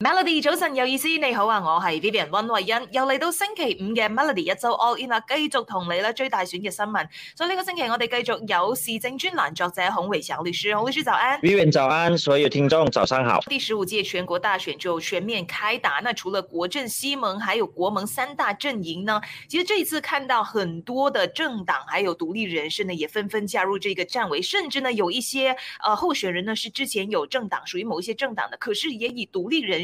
Melody 早晨有意思，你好啊，我係 Vivian 溫慧欣，又嚟到星期五嘅 Melody 一周 all in 啦，繼續同你咧追大選嘅新聞。所以呢個星期我哋繼續有市政專欄作者孔偉祥律師，孔律師早安，Vivian 早安，所有聽眾早上好。第十五屆全國大選就全面開打，那除了國陣、西盟，還有國盟三大陣營呢？其實這一次看到很多的政黨，還有獨立人士呢，也紛紛加入呢一個戰圍，甚至呢，有一些呃候選人呢，是之前有政黨屬於某一些政黨的，可是也以獨立人。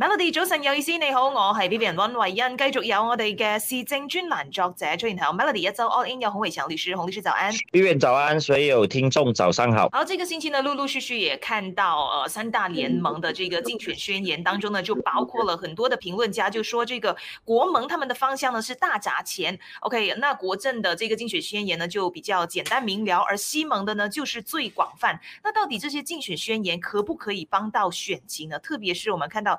Melody 早晨，有意思，你好，我係 Vivian 溫慧欣，繼續有我哋嘅市政專欄作者崔賢豪，Melody 一周 all in 有洪偉祥律師，洪律師早安，Vivian 早安，所有聽眾早上好。好，這個星期呢，陸陸續續也看到，呃，三大聯盟的這個競選宣言當中呢，就包括了很多的評論家就說，這個國盟他們的方向呢是，大砸錢，OK，那國政的這個競選宣言呢就比較簡單明了，而西盟的呢就是最廣泛。那到底這些競選宣言可不可以幫到選情呢？特別是我們看到。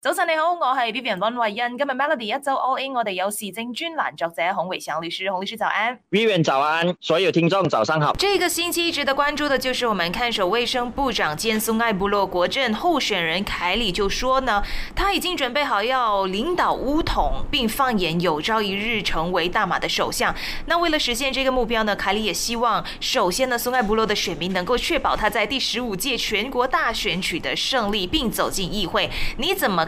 早晨你好，我係 B B 人溫慧欣，今日 Melody 一周 a 我哋有時政專欄作者洪偉祥律師，洪律師早安。Vivian，早安，所有聽眾早上好。這個星期值得關注的，就是我們看守衛生部長兼松艾部落國陣候選人凱里就說呢，他已經準備好要領導巫統，並放眼有朝一日成為大馬的首相。那為了實現這個目標呢，凱里也希望首先呢，松艾部落的選民能夠確保他在第十五屆全國大選取得勝利，並走進議會。你怎麼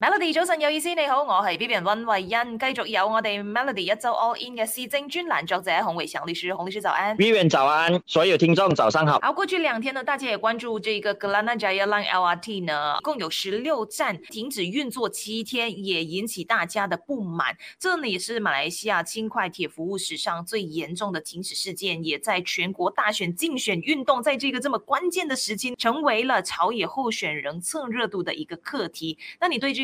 Melody 早晨有意思，你好，我係 B B 人溫慧欣，繼續有我哋 Melody 一周 All In 嘅市政專欄作者洪偉祥律師。洪律師早安，B B 人早安，所有聽眾早上好。好，過去兩天呢，大家也關注這個 Kelana Jaya Line L R T 呢，共有十六站停止運作七天，也引起大家的不滿。這裏是馬來西亞輕快鐵服務史上最嚴重的停止事件，也在全國大選競選運動，在這個這麼關鍵的時期，成為了朝野候選人蹭熱度的一個課題。那你對這